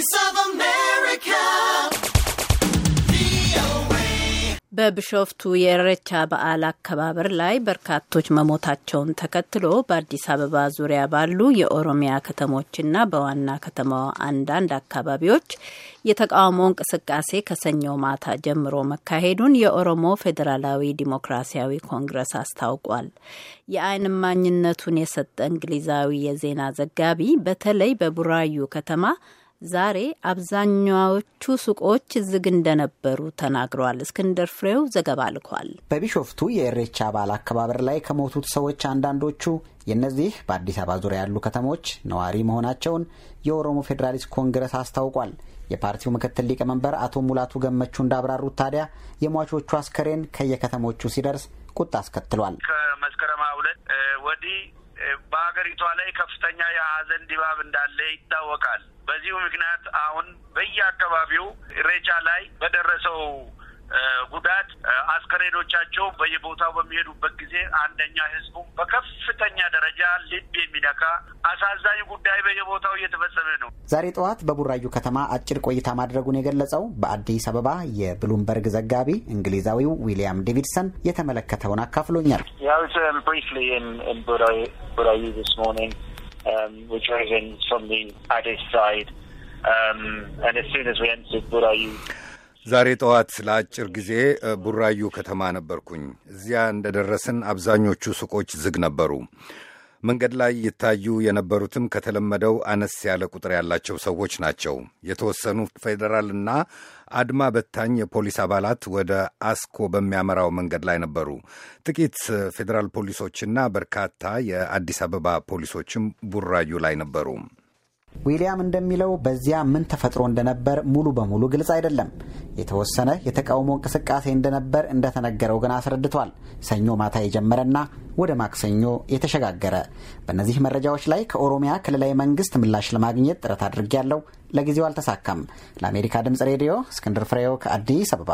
Voice of በዓል አከባበር ላይ በርካቶች መሞታቸውን ተከትሎ በአዲስ አበባ ዙሪያ ባሉ የኦሮሚያ ከተሞችና በዋና ከተማዋ አንዳንድ አካባቢዎች የተቃውሞ እንቅስቃሴ ከሰኞ ማታ ጀምሮ መካሄዱን የኦሮሞ ፌዴራላዊ ዲሞክራሲያዊ ኮንግረስ አስታውቋል። የዓይን እማኝነቱን የሰጠ እንግሊዛዊ የዜና ዘጋቢ በተለይ በቡራዩ ከተማ ዛሬ አብዛኛዎቹ ሱቆች ዝግ እንደነበሩ ተናግረዋል። እስክንደር ፍሬው ዘገባ ልኳል። በቢሾፍቱ የእሬቻ በዓል አከባበር ላይ ከሞቱት ሰዎች አንዳንዶቹ የእነዚህ በአዲስ አበባ ዙሪያ ያሉ ከተሞች ነዋሪ መሆናቸውን የኦሮሞ ፌዴራሊስት ኮንግረስ አስታውቋል። የፓርቲው ምክትል ሊቀመንበር አቶ ሙላቱ ገመቹ እንዳብራሩት ታዲያ የሟቾቹ አስከሬን ከየከተሞቹ ሲደርስ ቁጣ አስከትሏል። ከመስከረም ሁለት ወዲህ በሀገሪቷ ላይ ከፍተኛ የሀዘን ድባብ እንዳለ ይታወቃል። በዚሁ ምክንያት አሁን በየአካባቢው ኢሬቻ ላይ በደረሰው ጉዳት አስከሬኖቻቸው በየቦታው በሚሄዱበት ጊዜ አንደኛ ህዝቡ በከፍተኛ ደረጃ ልብ የሚነካ አሳዛኝ ጉዳይ በየቦታው እየተፈጸመ ነው። ዛሬ ጠዋት በቡራዩ ከተማ አጭር ቆይታ ማድረጉን የገለጸው በአዲስ አበባ የብሉምበርግ ዘጋቢ እንግሊዛዊው ዊሊያም ዴቪድሰን የተመለከተውን አካፍሎኛል። ዛሬ ጠዋት ለአጭር ጊዜ ቡራዩ ከተማ ነበርኩኝ። እዚያ እንደደረስን አብዛኞቹ ሱቆች ዝግ ነበሩ። መንገድ ላይ ይታዩ የነበሩትም ከተለመደው አነስ ያለ ቁጥር ያላቸው ሰዎች ናቸው። የተወሰኑ ፌዴራልና አድማ በታኝ የፖሊስ አባላት ወደ አስኮ በሚያመራው መንገድ ላይ ነበሩ። ጥቂት ፌዴራል ፖሊሶችና በርካታ የአዲስ አበባ ፖሊሶችም ቡራዩ ላይ ነበሩ። ዊሊያም እንደሚለው በዚያ ምን ተፈጥሮ እንደነበር ሙሉ በሙሉ ግልጽ አይደለም። የተወሰነ የተቃውሞ እንቅስቃሴ እንደነበር እንደተነገረው ግን አስረድቷል። ሰኞ ማታ የጀመረና ወደ ማክሰኞ የተሸጋገረ። በእነዚህ መረጃዎች ላይ ከኦሮሚያ ክልላዊ መንግስት ምላሽ ለማግኘት ጥረት አድርጌያለሁ። ለጊዜው አልተሳካም። ለአሜሪካ ድምጽ ሬዲዮ እስክንድር ፍሬው ከአዲስ አበባ